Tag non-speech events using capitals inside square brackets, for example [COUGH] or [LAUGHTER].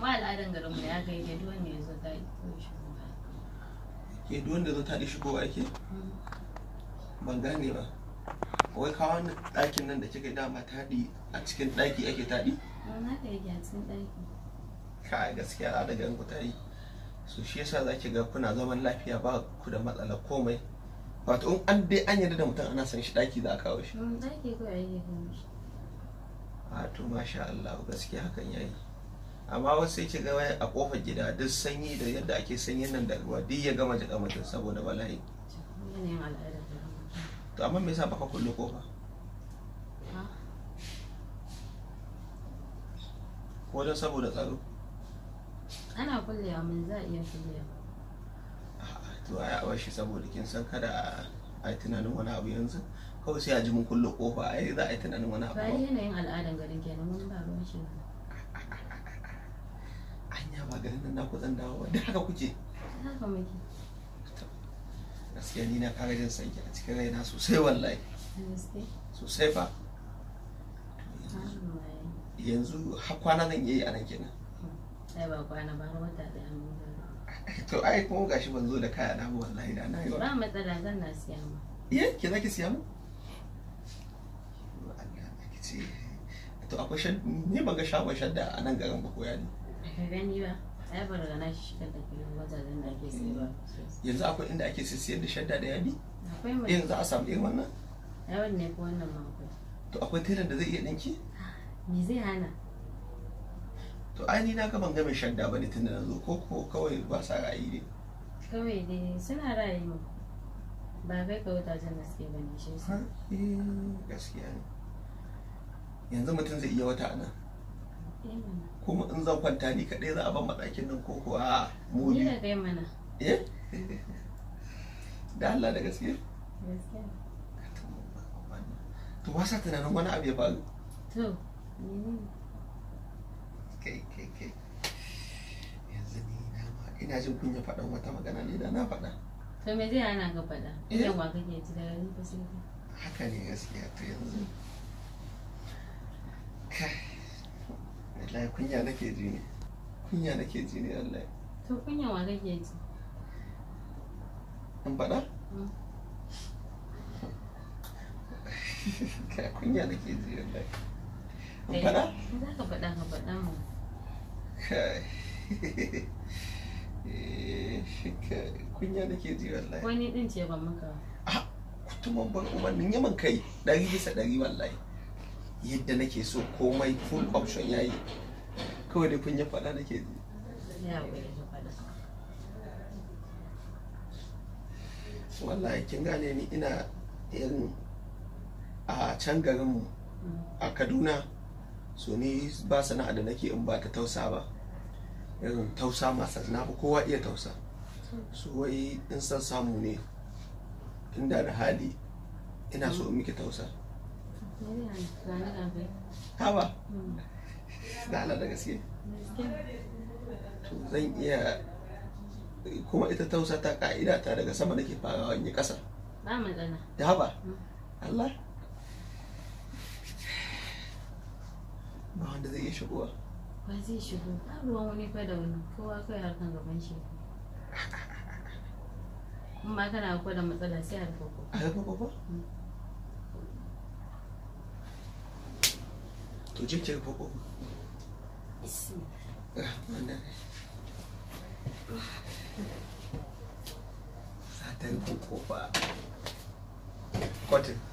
ma al'adan garin ya kai da duk wanda ya zo ta ke duk wanda zo ta shigo ake ban gane ba wai kawo wani ɗakin nan da kika yi dama taɗi a cikin ɗaki ake taɗi? na ka yi a ɗaki ka gaskiya za da garin ku taɗi so shi yasa za ki ga kuna zaman lafiya ba ku da matsala komai wato in an dai an yarda da mutum ana san shi ɗaki za a kawo shi ɗaki ko ake yi a to masha Allah gaskiya hakan yayi amma wasu ki ga a kofar gida duk sanyi da yadda ake sanyin nan da ruwa duk ya gama jaka mutum saboda bala'i to amma me yasa baka kulle kofa ko don saboda tsaro ana kulle mun za a iya kulle to ai a shi saboda kin san kada a yi tunanin wani abu yanzu kawai sai a ji mun kulle kofa ai za a yi tunanin wani abu ba yanayin al'adan garin kenan mun ba ruwan shi amma garin nan naku zan dawo da haka kuke haka muke gaskiya ni na fara jin sanki a cikin raina sosai wallahi sosai ba yanzu har kwana zan iya yi a nan kenan ai ba kwana ba to ai kuma gashi ban zo da kaya na wallahi da na yi ba matsala zan na siya ma iya ke zaki siya mu to akwai shan ne ban ga shagon da a nan garin ba koya ne ka ba ba da ake sai yanzu akwai inda ake siyar da shadda da yadi akwai mai yanzu a samu irin wannan ai ne ko wannan ma to akwai tailan da zai iya ɗinki? me zai hana to ainihin na ga ban ga mai shadda bane tun da nazo ko ko kawai ba sa ra'ayi ne kawai dai suna ra'ayi mu ba kai ka wajajen da suke bane shi eh, gaskiya ne yanzu mutum zai iya wata anan kuma in zan kwanta ni kaɗai za a ban matsakin nan ko kuwa mu ni na kai mana eh da Allah da gaske to wasa tunanin wani abu ya faru to kai kai kai yanzu ni na ma ina jin kunya faɗan wata magana ne da na faɗa to me zai ana ga faɗa eh? idan wa kake ji da ni ba sai haka ne gaskiya to yanzu kai wallahi eh, kunya nake ji ne kunya nake ji ne Allah to kunya wa kake ji an faɗa mm. [LAUGHS] ka kunya nake ji Allah in eh, faɗa za ka faɗa ka faɗa mu kai [LAUGHS] eh, kunya nake ji wallahi wani din ce ban maka ah kutuman ban umarnin yaman kai ɗari bisa ɗari wallahi yadda nake so komai full option yayi kawai da kun ya faɗa nake ji wallahi kin gane ni ina irin a can garinmu a kaduna so ni ba sana'a da nake in ba ta tausa ba irin tausa masa na fi kowa iya tausa so wai in san samu ne inda da hali ina so miki tausa ba da Allah da gaske to zan iya kuma ita tausa ta ka'ida ta daga sama nake farawa in yi kasa ba da haba mm. Allah ba wanda zai iya shigowa ba zai shigo ba ruwan wani fa da wani kowa kai harkan gaban shi kuma [LAUGHS] ba kana ko da matsala sai harkar ko a harkar ko mm. to je ki harkar ko Satan ko kofa. Cotton.